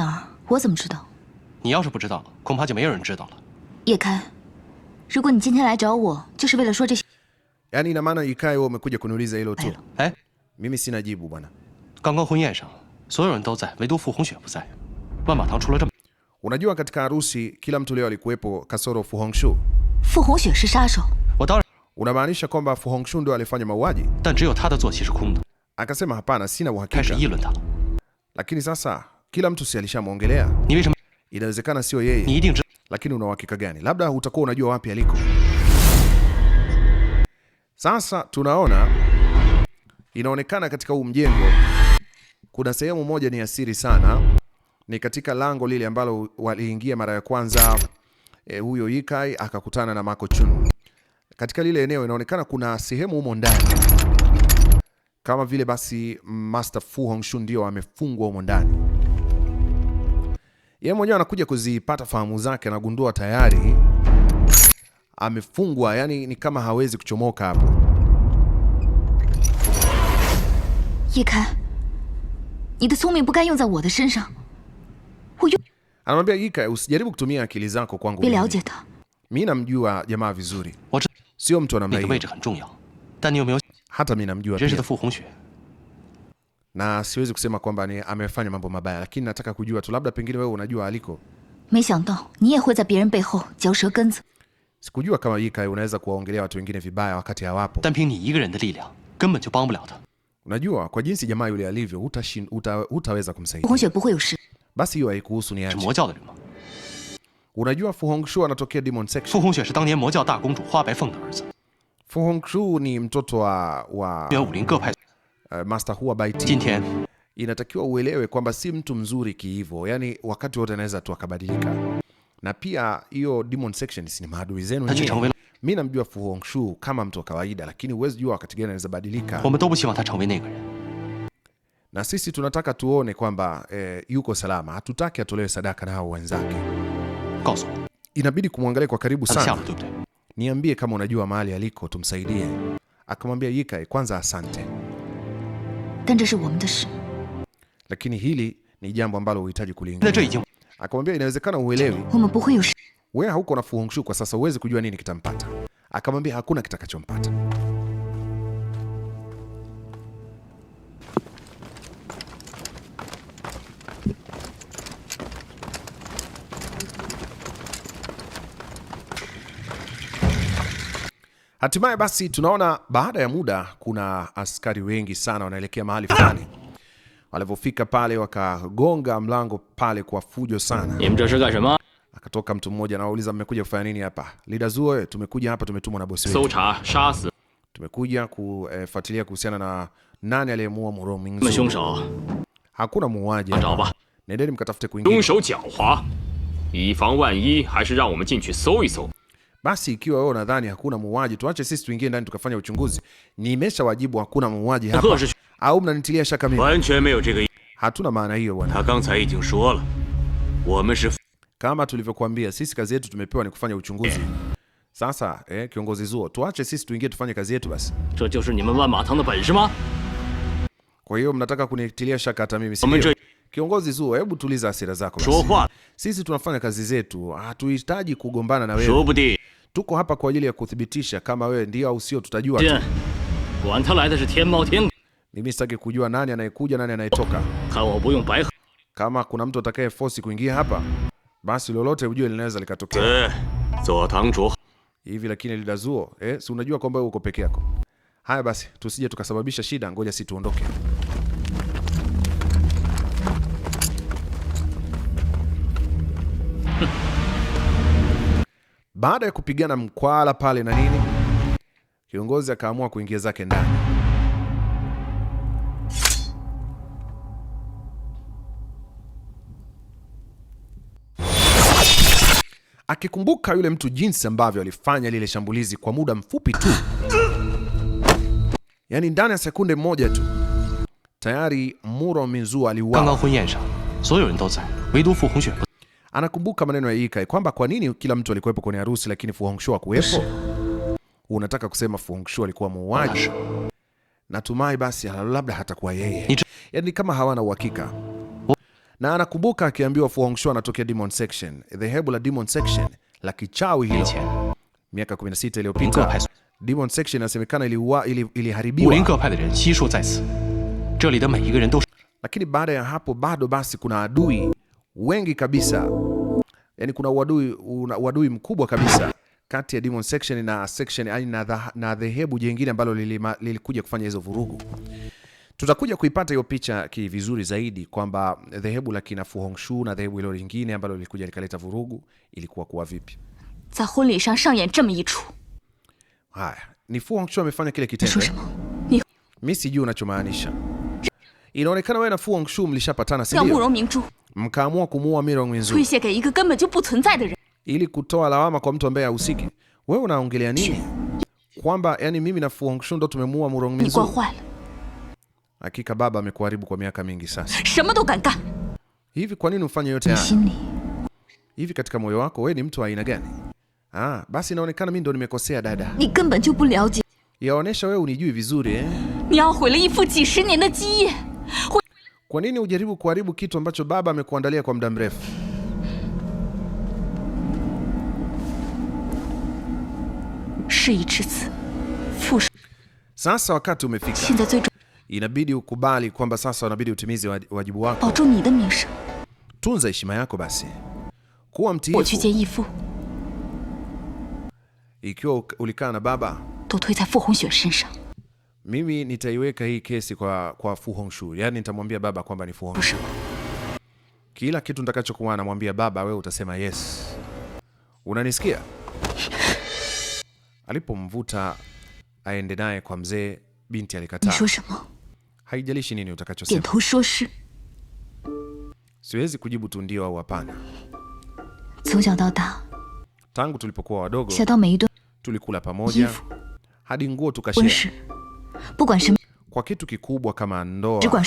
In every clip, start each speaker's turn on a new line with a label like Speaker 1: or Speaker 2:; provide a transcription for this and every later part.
Speaker 1: 哪儿，我怎么知道？
Speaker 2: 你要是不知道，恐怕就没有人知道了。
Speaker 1: 叶开，如果你今天来找我，就是为了说这些。Yani ina maana ikae wewe umekuja kuniuliza hilo
Speaker 2: tu. Eh? Mimi sina jibu bwana. 刚刚婚宴上，所有人都在，唯独傅红雪不在。万宝堂出了这么 Unajua katika harusi kila mtu
Speaker 1: leo alikuwepo kasoro Fu Hongxue. Fu Hongxue 是杀手。
Speaker 2: 我当然 Unamaanisha kwamba Fu Hongxue ndio alifanya mauaji? 但只有他的坐席是空的。Akasema hapana, sina 开始 uhakika. 议论他了。Lakini sasa kila mtu si alishamwongelea. Inawezekana sio yeye, lakini una uhakika gani? Labda utakuwa unajua wapi aliko. Sasa tunaona inaonekana katika huu mjengo kuna sehemu moja ni asiri sana, ni katika lango lile ambalo waliingia mara ya kwanza e, huyo Ikai akakutana na Mako Chun. Katika lile
Speaker 1: eneo inaonekana kuna sehemu humo ndani kama vile basi Master Fu Hongxue ndio amefungwa humo ndani. Yeye mwenyewe anakuja kuzipata fahamu zake, anagundua tayari amefungwa, yani ni kama hawezi kuchomoka hapo. Yika, anamwambia Yika, usijaribu kutumia akili zako kwangu. Mimi namjua jamaa
Speaker 2: vizuri, sio mtu anamjua hata mimi namjua pia na siwezi kusema kwamba ni amefanya
Speaker 1: mambo mabaya, lakini nataka kujua tu, labda pengine wewe unajua aliko. Sikujua kama Ye Kai unaweza
Speaker 2: kuwaongelea watu wengine vibaya wakati hawapo. Unajua, kwa jinsi jamaa yule
Speaker 1: alivyo, hutaweza uta, kumsaidia. Basi hiyo
Speaker 2: haikuhusu ni aje. Unajua Fu Hongxue anatokea Demon Section. Fu Hongxue ni mtoto wa wa Eh, master huwa by inatakiwa uelewe kwamba si mtu mzuri kiivo, yani wakati wote anaweza tu akabadilika. Na pia hiyo demon section ni maadui zenu. Mimi namjua Fu Hongxue kama mtu wa kawaida, lakini huwezi jua wakati gani anaweza badilika na sisi tunataka tuone kwamba eh, yuko salama. Hatutaki atolewe sadaka na hao wenzake. Inabidi kumwangalia kwa karibu sana. Niambie kama unajua mahali aliko, tumsaidie.
Speaker 1: Akamwambia Ye Kai, kwanza asante. 但这是我们的事。Lakini hili
Speaker 2: ni jambo ambalo uhitaji kuliangalia. Akamwambia
Speaker 1: inawezekana uelewi. Wewe hauko na Fu Hongxue kwa sasa, huwezi kujua nini kitampata. Akamwambia hakuna kitakachompata.
Speaker 3: Hatimaye basi tunaona baada ya muda kuna askari wengi sana wanaelekea mahali fulani. Walipofika pale wakagonga
Speaker 4: mlango pale kwa fujo sana. Akatoka mtu mmoja na anauliza mmekuja kufanya nini hapa? Lida Zuo, eh, tumekuja hapa tumetumwa na bosi wetu. Tumekuja kufuatilia eh, kuhusiana na nani aliyemuua Moro Mingzu. Hakuna muuaji. Nendeni mkatafute kwingine. Basi ikiwa wewe unadhani hakuna muuaji, tuache sisi tuingie ndani tukafanya uchunguzi. nimesha wajibu hakuna muuaji hapa, au mnanitilia shaka mimi? Hatuna maana hiyo bwana. Kama tulivyokuambia, sisi kazi yetu tumepewa ni kufanya uchunguzi. Sasa eh, kiongozi Zuo, tuache sisi tuingie tufanye kazi yetu basi.
Speaker 3: Kwa hiyo mnataka kunitilia shaka hata mimi,
Speaker 4: sio? Kiongozi Zuo, hebu tuliza hasira zako basi. Sisi tunafanya kazi zetu, hatuhitaji kugombana na wewe. Tuko hapa kwa ajili ya kuthibitisha kama wewe ndio au sio, tutajua tu. Mimi sitaki kujua nani anayekuja nani anayetoka. Kama kuna mtu atakaye force kuingia hapa, basi lolote ujue linaweza likatokea. Eh, Hivi lakini Lida Zuo, eh, si unajua kwamba uko peke yako. Haya basi, tusije tukasababisha shida, ngoja si tuondoke.
Speaker 3: Baada ya kupigana mkwala pale na nini, kiongozi akaamua kuingia zake ndani. Akikumbuka yule mtu jinsi ambavyo alifanya lile shambulizi kwa muda mfupi tu, yaani ndani ya sekunde moja tu tayari Muro Mizuo aliuawa anakumbuka maneno ya Ye Kai kwamba kwa nini kila mtu alikuwepo kwenye
Speaker 1: harusi lakini Fu Hongxue hakuwepo.
Speaker 3: Unataka kusema Fu Hongxue alikuwa muuaji? Natumai basi labda hatakuwa yeye, yaani kama hawana uhakika. Na anakumbuka akiambiwa Fu Hongxue anatokea Demon Section, dhehebu la Demon Section la kichawi hilo, miaka 16 iliyopita. Demon Section inasemekana iliharibiwa ili, lakini baada ya hapo bado basi kuna adui wengi kabisa, yani kuna uadui, uadui mkubwa kabisa kati ya Demon Section na Section na dhehebu jingine ambalo lilikuja kufanya hizo vurugu. Tutakuja kuipata hiyo picha kivizuri zaidi kwamba dhehebu la kina Fu Hongxue na dhehebu hilo lingine ambalo lilikuja likaleta vurugu ilikuwa kuwa vipi. Haya, ni Fu Hongxue amefanya kile kitendo. Mimi sijui unachomaanisha. Inaonekana wewe na Fu Hongxue mlishapatana, sio? mkaamua kumuua Miro mwenzenu ili kutoa lawama kwa mtu ambaye hahusiki. Wewe unaongelea nini? Kwamba yani mimi na Fu Hongxue ndo tumemuua Murong Minzu? Hakika baba amekuharibu kwa miaka mingi sasa. Hivi kwa nini ufanye yote haya? Hivi katika moyo wako wewe ni mtu aina gani? Ah, basi inaonekana mimi ndo nimekosea dada. Yaonesha wewe unijui vizuri eh? Kwa nini ujaribu kuharibu kitu ambacho baba amekuandalia kwa muda mrefu?
Speaker 1: Sasa wakati umefika,
Speaker 3: inabidi ukubali kwamba sasa unabidi utimize
Speaker 1: wajibu wako.
Speaker 3: Tunza heshima yako basi, kuwa
Speaker 1: mtiifu.
Speaker 3: Ikiwa ulikaa na baba mimi nitaiweka hii kesi kwa, kwa Fu Hongxue, yaani nitamwambia baba kwamba ni Fu Hongxue. Kila kitu nitakachokuwa namwambia baba, wewe utasema yes, unanisikia? Alipomvuta aende naye kwa mzee, binti alikataa. Haijalishi nini utakachosema, siwezi kujibu tu ndio au hapana. Tangu tulipokuwa wadogo, tulikula pamoja hadi nguo tukashare kwa kitu kikubwa kama ndoa.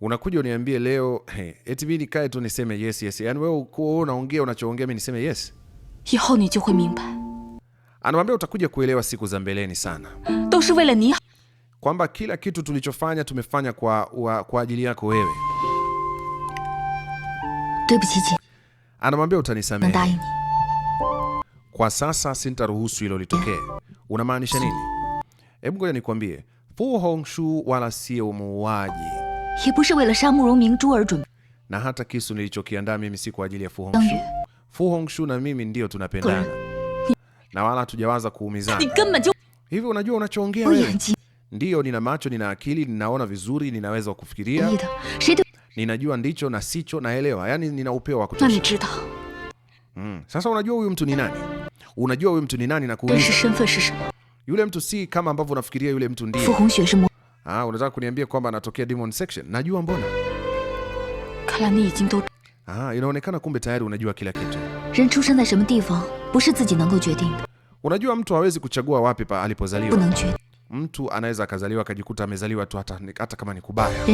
Speaker 3: Unakuja uniambie leo hey, eti mimi nikae tu niseme yes yes. Yaani wewe uko unaongea unachoongea mimi niseme yes. Anamwambia utakuja kuelewa siku za mbeleni sana. Kwamba kila kitu tulichofanya tumefanya kwa, wa, kwa ajili yako wewe. Anamwambia
Speaker 1: utanisamehe.
Speaker 3: Kwa sasa sintaruhusu hilo litokee. Unamaanisha nini? Hebu ngoja nikwambie, Fu Hongxue wala sio muuaji,
Speaker 1: er
Speaker 3: na hata kisu nilichokiandaa mimi si kwa ajili ya Fu Hongxue. Fu Hongxue na mimi ndio tunapendana na wala hatujawaza kuumizana. Hivi unajua unachoongea wewe? Ndiyo, nina macho, nina akili, ninaona vizuri, ninaweza kufikiria, ninajua ndicho na sicho, naelewa. Yani nina upeo wa kutosha. Mm. Sasa unajua huyu mtu ni nani? Unajua huyu mtu ni nani na kuuliza yule mtu si kama ambavyo unafikiria yule mtu ndiye. Ah, unataka kuniambia kwamba anatokea demon section? Najua mbona. Ah, inaonekana kumbe tayari unajua kila kitu. Unajua mtu hawezi kuchagua wapi pa
Speaker 1: alipozaliwa.
Speaker 3: Mtu anaweza akazaliwa akajikuta amezaliwa tu hata, hata kama ni kubaya.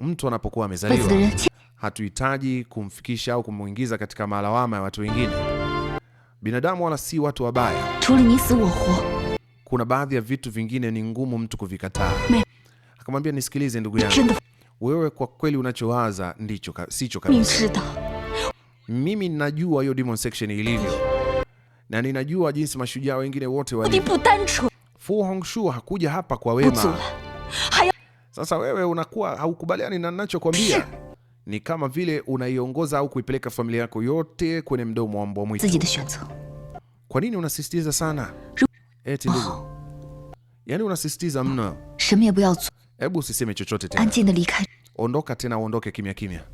Speaker 3: Mtu anapokuwa
Speaker 1: amezaliwa
Speaker 3: hatuhitaji kumfikisha au kumuingiza katika malawama ya watu wengine binadamu wala si watu wabaya. Kuna baadhi ya vitu vingine ni ngumu mtu kuvikataa. Akamwambia, nisikilize ndugu yangu, wewe kwa kweli unachowaza ndicho sicho kabisa. Mimi ninajua hiyo demon section ilivyo na ninajua jinsi mashujaa wengine wote walivyo. Fu Hongxue hakuja hapa kwa wema. Sasa wewe unakuwa haukubaliani na
Speaker 1: ninachokwambia
Speaker 3: ni kama vile unaiongoza au kuipeleka familia yako yote kwenye mdomo wa mbwa mwitu. Kwa nini unasisitiza sana? Eti ndugu. Oh. Yaani unasisitiza mno. Hebu usiseme chochote tena. Ondoka tena uondoke kimya kimya.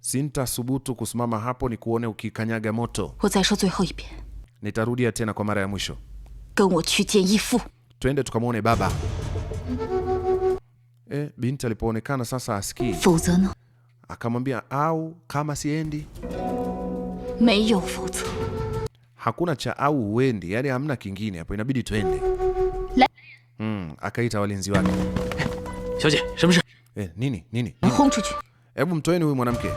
Speaker 3: Sintasubutu kusimama hapo ni kuone ukikanyaga moto. Nitarudia tena kwa mara ya mwisho. Twende tukamwone baba. Eh, binti alipoonekana sasa asikii, akamwambia au kama siendi hakuna cha au uendi, yani hamna kingine hapo, inabidi twende. Mm, akaita walinzi wake. Eh, eh nini nini? Hebu mtoeni huyu mwanamke.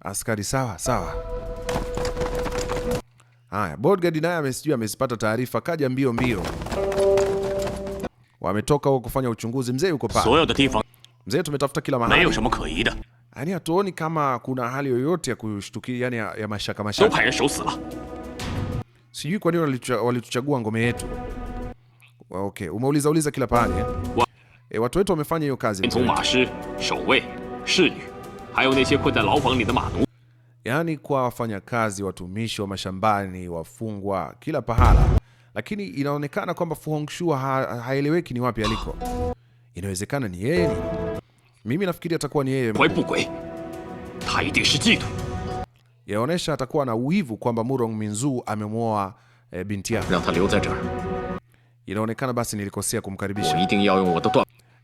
Speaker 3: Askari sawa sawa. Haya, bodyguard naye amesijua amezipata taarifa, kaja mbio mbio Wametoka huko kufanya uchunguzi, mzee yuko pale. Mzee, tumetafuta kila mahali. Yaani hatuoni kama kuna hali yoyote ya kushtukia, yani ya, ya mashaka mashaka. Sijui kwa nini walituchagua ngome yetu. Okay, umeuliza uliza kila pale. E, eh? eh, watu wetu wamefanya hiyo kazi. Yaani kwa wafanyakazi, watumishi wa mashambani, wafungwa, kila pahala lakini inaonekana kwamba Fu Hongxue ha haeleweki ni wapi aliko. Inawezekana ni yeye, mimi nafikiri atakuwa ni yeye. Yaonesha atakuwa na uivu kwamba Murong Minzu amemwoa e, binti yake. Inaonekana basi nilikosea kumkaribisha,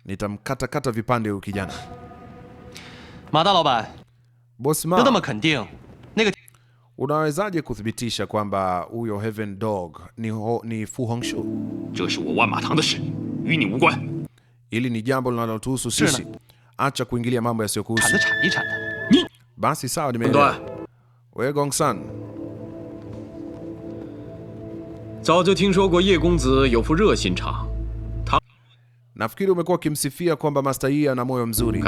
Speaker 3: nitamkatakata vipande huyu kijana. Bosi Ma unawezaje kuthibitisha kwamba huyo Heaven Dog ni, ho, ni Fu Hongxue? Hili ni jambo linalotuhusu sisi. Acha kuingilia mambo yasiyokuhusu. Basi sawa, nimeelewa. We Gongsan. Nafikiri umekuwa ukimsifia kwamba Master Yi ana moyo mzuri.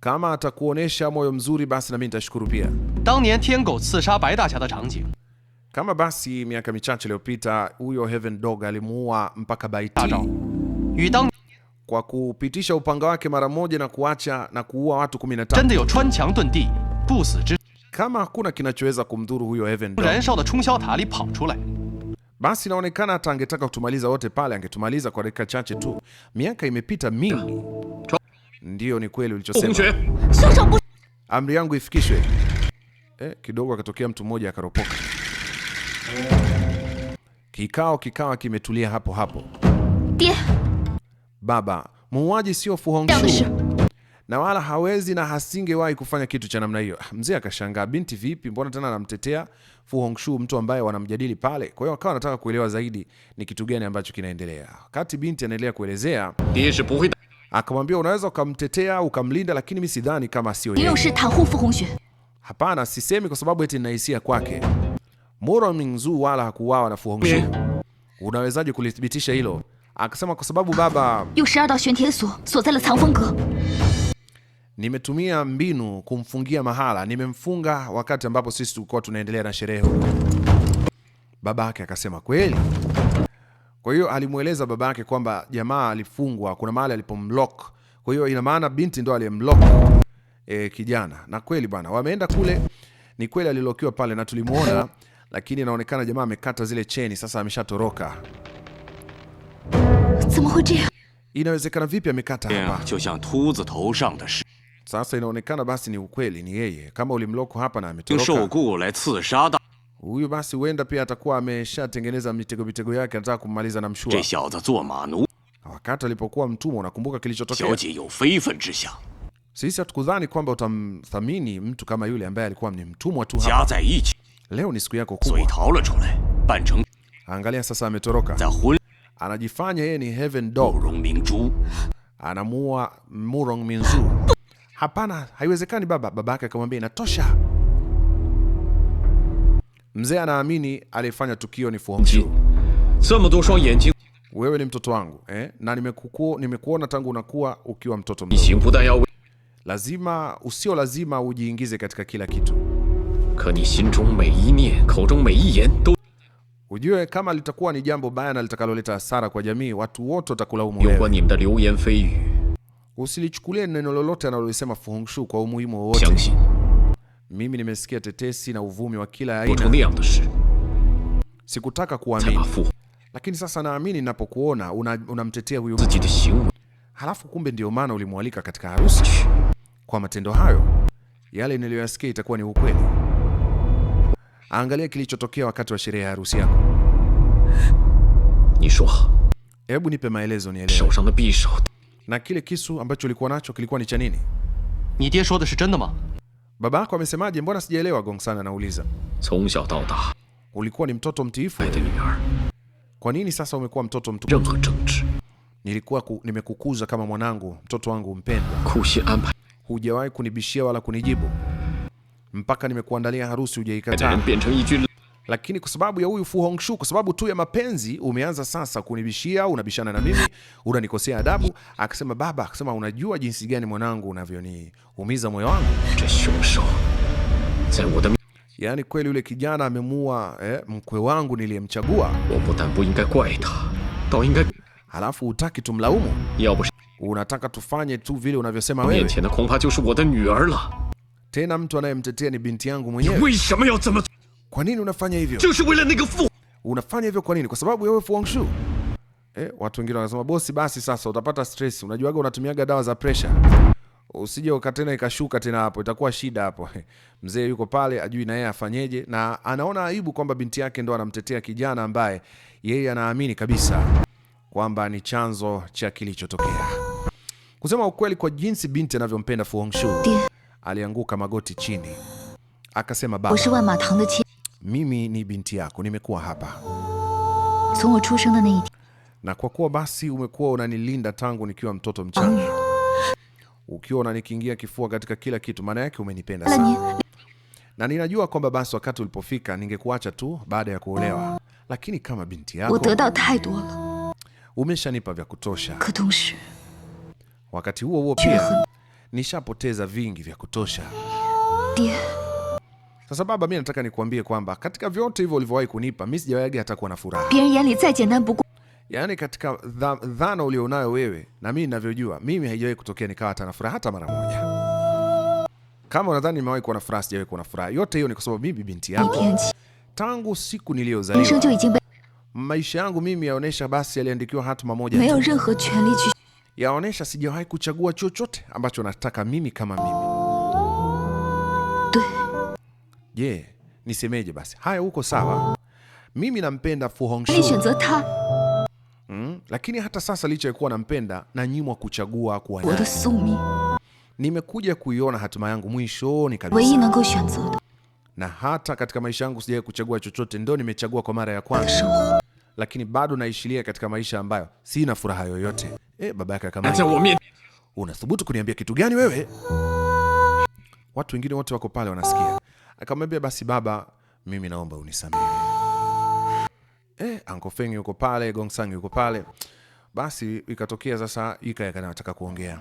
Speaker 3: Kama atakuonesha moyo mzuri, basi mimi nitashukuru pia. Kama basi miaka michache iliyopita huyo Heaven Dog alimuua mpaka dang kwa kupitisha upanga wake mara moja na kuacha na kuua watu 15. Kama hakuna kinachoweza kumdhuru huyo Heaven Dog, basi inaonekana hata angetaka kutumaliza wote pale, angetumaliza kwa dakika chache tu. Miaka imepita mingi. Ndiyo, ni kweli ulichosema. Amri yangu ifikishwe. Eh, kidogo akatokea mtu mmoja akaropoka. Kikao kikawa kimetulia hapo hapo. Baba, muuaji sio Fu Hongxue na wala hawezi na hasingewahi kufanya kitu cha namna hiyo. Ah, mzee akashangaa, binti vipi, mbona tena anamtetea Fu Hongxue, mtu ambaye wanamjadili pale? Kwa hiyo akawa anataka kuelewa zaidi ni kitu gani ambacho kinaendelea. Wakati binti anaendelea kuelezea akamwambia unaweza ukamtetea ukamlinda, lakini mi sidhani kama sio yeye. Hapana, sisemi kwa sababu eti nina hisia kwake. Moro Mingzu wala hakuuawa na Fu Hongxue. Eh. Unawezaje kulithibitisha hilo? Akasema kwa sababu baba nimetumia mbinu kumfungia mahala, nimemfunga wakati ambapo sisi tulikuwa tunaendelea na sherehe. Babake akasema kweli kwa hiyo alimweleza baba yake kwamba jamaa alifungwa, kuna mahali alipomlock. Kwa hiyo ina maana binti ndo aliyemlock e, kijana. Na kweli bwana, wameenda kule, ni kweli alilokiwa pale na tulimuona, lakini inaonekana jamaa amekata zile cheni, sasa ameshatoroka. Inawezekana vipi amekata hapa? Sasa inaonekana basi ni ukweli, ni yeye. Kama ulimloko hapa na ametoroka Huyu basi huenda pia atakuwa ameshatengeneza mitego mitego yake, anataka kumaliza na mshua. Wakati alipokuwa mtumwa, unakumbuka kilichotokea? Sisi hatukudhani kwamba utamthamini mtu kama yule ambaye alikuwa ni mtumwa tu hapa. Leo ni siku yako kubwa. Angalia sasa, ametoroka, anajifanya yeye ni heaven dog, anamuua Murong Minzu. Hapana, haiwezekani baba. Babake akamwambia inatosha. Mzee anaamini aliyefanya tukio ni Fu Hongxue. Wewe ni mtoto wangu eh? na nimekukuo, nimekuona tangu unakuwa ukiwa mtoto mdogo. Lazima usio lazima ujiingize katika kila kitu. Ujue kama litakuwa ni jambo baya na litakaloleta hasara kwa jamii, watu wote watakulaumu wewe. Usilichukulie neno lolote analolisema Fu Hongxue kwa umuhimu wowote. Mimi nimesikia tetesi na uvumi wa kila aina. Sikutaka kuamini, lakini sasa naamini ninapokuona unamtetea una huyu. Halafu kumbe ndio maana ulimwalika katika harusi. Kwa matendo hayo, yale niliyoyasikia itakuwa ni ukweli. Angalia kilichotokea wakati wa sherehe ya harusi yako. Hebu nipe maelezo nielewe. Na kile kisu ambacho ulikuwa nacho kilikuwa ni cha nini? Baba yako amesemaje? Mbona sijaelewa? Gongsana anauliza. Ulikuwa ni mtoto mtiifu, kwa nini sasa umekuwa mtoto mtukufu? Nilikuwa ku, nimekukuza kama mwanangu, mtoto wangu mpendwa. Hujawahi kunibishia wala kunijibu mpaka nimekuandalia harusi, hujaikataa lakini kwa sababu ya huyu Fu Hongxue, kwa sababu tu ya mapenzi, umeanza sasa kunibishia, unabishana na mimi, unanikosea adabu. Akasema baba, akasema unajua jinsi gani mwanangu unavyoniumiza moyo wangu. Yaani kweli yule kijana amemua eh, mkwe wangu niliyemchagua. Halafu utaki tumlaumu, unataka tufanye tu vile unavyosema wewe. Tena mtu anayemtetea ni binti yangu mwenyewe. Kwa nini unafanya hivyo? Unafanya hivyo kwa nini? Kwa sababu ya wewe Fu Hongxue. Eh, watu wengine wanasema bosi, basi sasa utapata stress. Unajuaga unatumiaga dawa za pressure. Usije ukatena ikashuka tena hapo, itakuwa shida hapo. Mzee yuko pale ajui na yeye afanyeje na anaona aibu kwamba binti yake ndo anamtetea kijana ambaye yeye anaamini kabisa kwamba ni chanzo cha kilichotokea. Kusema ukweli, kwa jinsi binti anavyompenda Fu Hongxue, alianguka magoti chini akasema baba mimi ni binti yako, nimekuwa hapa na kwa kuwa basi umekuwa unanilinda tangu nikiwa mtoto mchanga, ukiwa unanikingia kifua katika kila kitu, maana yake umenipenda sana, na ninajua kwamba basi wakati ulipofika ningekuacha tu baada ya kuolewa, lakini kama binti yako umeshanipa vya kutosha. Wakati huo huo pia nishapoteza vingi vya kutosha. Sasa baba, mi nataka nikuambie kwamba katika vyote hivyo ulivyowahi kunipa mi sijawaga hata kuwa na furaha. Yani yaani katika dha, dhana ulionayo wewe na mi ninavyojua, mimi haijawahi kutokea nikawa hata na furaha hata mara moja. Kama unadhani nimewahi kuwa na furaha, sijawahi kuwa na furaha. Yote hiyo ni kwa sababu mimi binti yako tangu siku niliyozaliwa maisha yangu mimi yaonesha basi yaliandikiwa hatma moja, yaonesha sijawahi kuchagua chochote ambacho nataka mimi kama mimi Je, nisemeje basi? Haya, uko sawa. Mimi nampenda Fu Hongxue. Mm, lakini hata sasa licha ya kuwa nampenda nyimwa kuchagua kuwa naye. Nimekuja kuiona hatima yangu mwishoni kabisa. Na hata katika maisha yangu sijawahi kuchagua chochote, ndo nimechagua kwa mara ya kwanza. Lakini bado naishilia katika maisha ambayo sina furaha yoyote. Eh, baba yake kama unathubutu kuniambia kitu gani wewe? Watu wengine wote wako pale wanasikia akamwambia basi baba, mimi naomba unisamehe. Eh, Uncle Feng yuko pale, Gongsang yuko pale. Basi ikatokea sasa Ika anataka kuongea.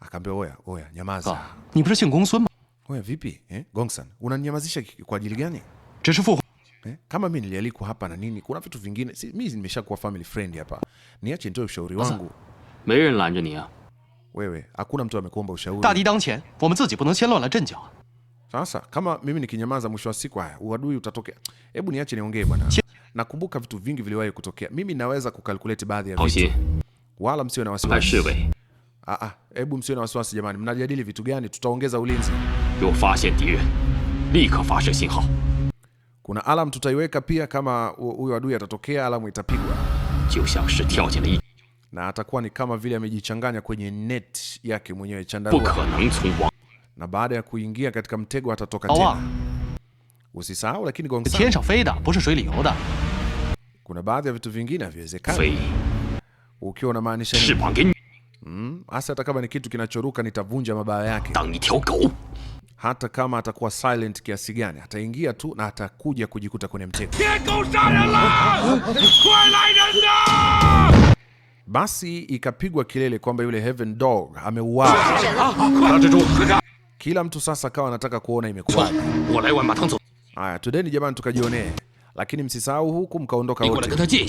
Speaker 3: Akaambia oya, oya, nyamaza. Ah, ni basi Gongsun? Oya vipi? Eh, Gongsan, unanyamazisha kwa ajili gani? Eh, kama mimi nilialikwa hapa na nini? Kuna vitu vingine. Si, mimi nimeshakuwa family friend hapa. Niache nitoe ushauri wangu. ni ya. Wewe, hakuna mtu amekuomba ushauri. Sasa kama mimi nikinyamaza, mwisho wa siku haya uadui utatokea. Hebu niache niongee bwana. Nakumbuka vitu vingi viliwahi kutokea. Mimi naweza kukalkulate baadhi ya vitu. Wala msiwe na wasiwasi. Ah ah, hebu msiwe na wasiwasi jamani. Mnajadili vitu gani? Tutaongeza ulinzi. Kuna alam tutaiweka pia kama huyo adui atatokea, alamu itapigwa. Na atakuwa ni kama vile amejichanganya kwenye net yake mwenyewe chandarua na baada ya kuingia katika mtego atatoka tena. Usisahau lakini gonga. Kuna baadhi ya vitu vingine haviwezekani. Ukiwa unamaanisha nini? Mm, hasa hata kama ni kitu kinachoruka nitavunja mabawa yake. Hata kama atakuwa silent kiasi gani, ataingia tu na atakuja kujikuta kwenye mtego. Basi ikapigwa kilele kwamba yule Heaven Dog ameuawa. Kila mtu sasa akawa anataka kuona imekuwaje. Haya, tudeni jamani, tukajionee, lakini msisahau huku mkaondoka wote.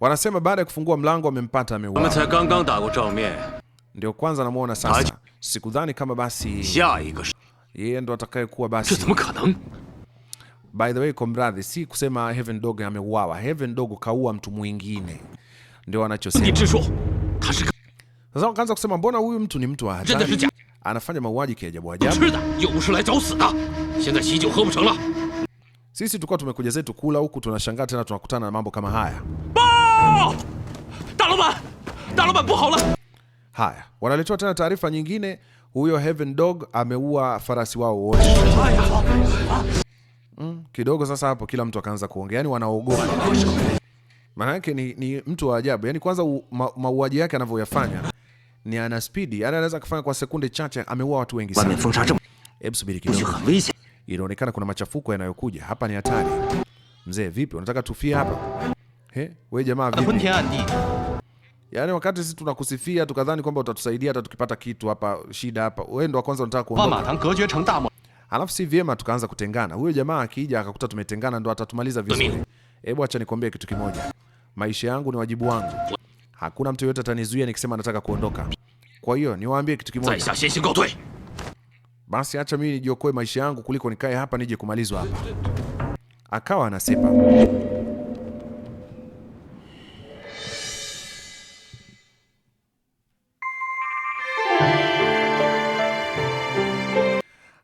Speaker 3: Wanasema baada ya kufungua mlango amempata ameuawa. Ndio kwanza namuona sasa, sikudhani kama basi yeye ndo atakayekuwa basi. By the way, komradhi, si kusema Heaven Dog ameuawa. Heaven Dog kaua mtu mwingine, ndio anachosema sasa wakaanza kusema mbona huyu mtu ni mtu wa hatari, anafanya mauaji kiajabu ajabu. Sisi tulikuwa tumekuja zetu kula huku, tunashangaa tena tunakutana na mambo kama haya. Haya, wanaletewa tena taarifa nyingine, huyo Heaven Dog ameua farasi wao wote. Mm, kidogo sasa hapo kila mtu akaanza kuongea, yani wanaogopa. Maana yake ni, ni mtu wa ajabu. Yani kwanza mauaji yake anavyoyafanya ni ana spidi, yani anaweza kufanya kwa sekunde chache, ameua watu wengi sana. Hebu subiri kidogo, inaonekana kuna machafuko yanayokuja hapa, ni hatari. Mzee, vipi, unataka tufie hapa? He, we jamaa vipi? Yani wakati sisi tunakusifia tukadhani kwamba utatusaidia hata tukipata kitu hapa, shida hapa, wewe ndo kwanza unataka kuondoka. Alafu si vyema tukaanza kutengana. Huyo jamaa akija akakuta tumetengana ndo atatumaliza vizuri. Hebu acha nikwambie kitu kimoja, maisha yangu ni wajibu wangu Hakuna mtu yoyote atanizuia nikisema nataka kuondoka. Kwa hiyo niwaambie kitu kimoja. Basi acha mimi nijiokoe maisha yangu kuliko nikae hapa nije kumalizwa hapa. Akawa anasema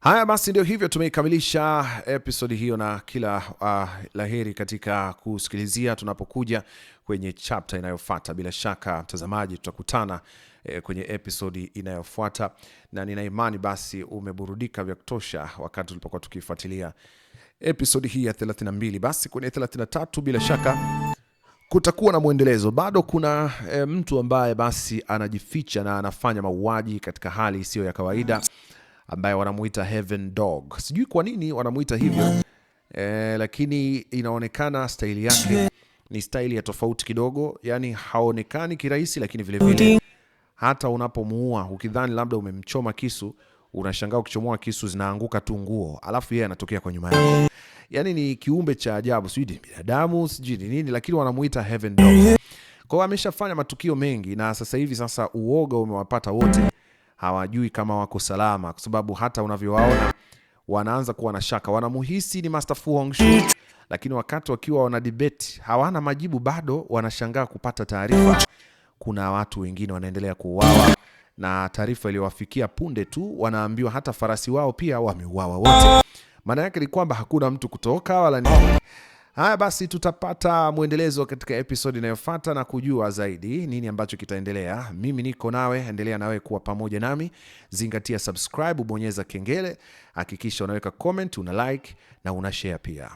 Speaker 3: Haya basi, ndio hivyo, tumeikamilisha episodi hiyo, na kila uh, ah, laheri katika kusikilizia tunapokuja kwenye chapta inayofata Bila shaka mtazamaji, tutakutana eh, kwenye episodi inayofuata, na ninaimani basi umeburudika vya kutosha wakati tulipokuwa tukifuatilia episodi hii ya 32. Basi kwenye 33 bila shaka kutakuwa na mwendelezo. Bado kuna eh, mtu ambaye basi anajificha na anafanya mauaji katika hali isiyo ya kawaida ambaye wanamuita Heaven Dog. Sijui kwa nini wanamuita hivyo eh, lakini inaonekana staili yake ni staili ya tofauti kidogo, yani haonekani kirahisi, lakini vilevile hata unapomuua ukidhani labda umemchoma kisu, unashangaa ukichomoa kisu zinaanguka tu nguo, alafu yeye anatokea kwa nyuma yake. Yani ni kiumbe cha ajabu, sijui ni binadamu sijui ni nini, lakini wanamuita Heaven Dog. Kwa hiyo ameshafanya matukio mengi na sasa hivi sasa uoga umewapata wote hawajui kama wako salama, kwa sababu hata unavyowaona wanaanza kuwa na shaka, wanamuhisi ni Master Fu Hongxue, lakini wakati wakiwa wana debate hawana majibu bado, wanashangaa kupata taarifa kuna watu wengine wanaendelea kuuawa, na taarifa iliyowafikia punde tu wanaambiwa hata farasi wao pia wameuawa wote. Maana yake ni kwamba hakuna mtu kutoka wala nini. Haya basi, tutapata mwendelezo katika episodi inayofuata na kujua zaidi nini ambacho kitaendelea. Mimi niko nawe, endelea nawe kuwa pamoja nami, zingatia subscribe, bonyeza kengele, hakikisha unaweka comment, una like na una share pia.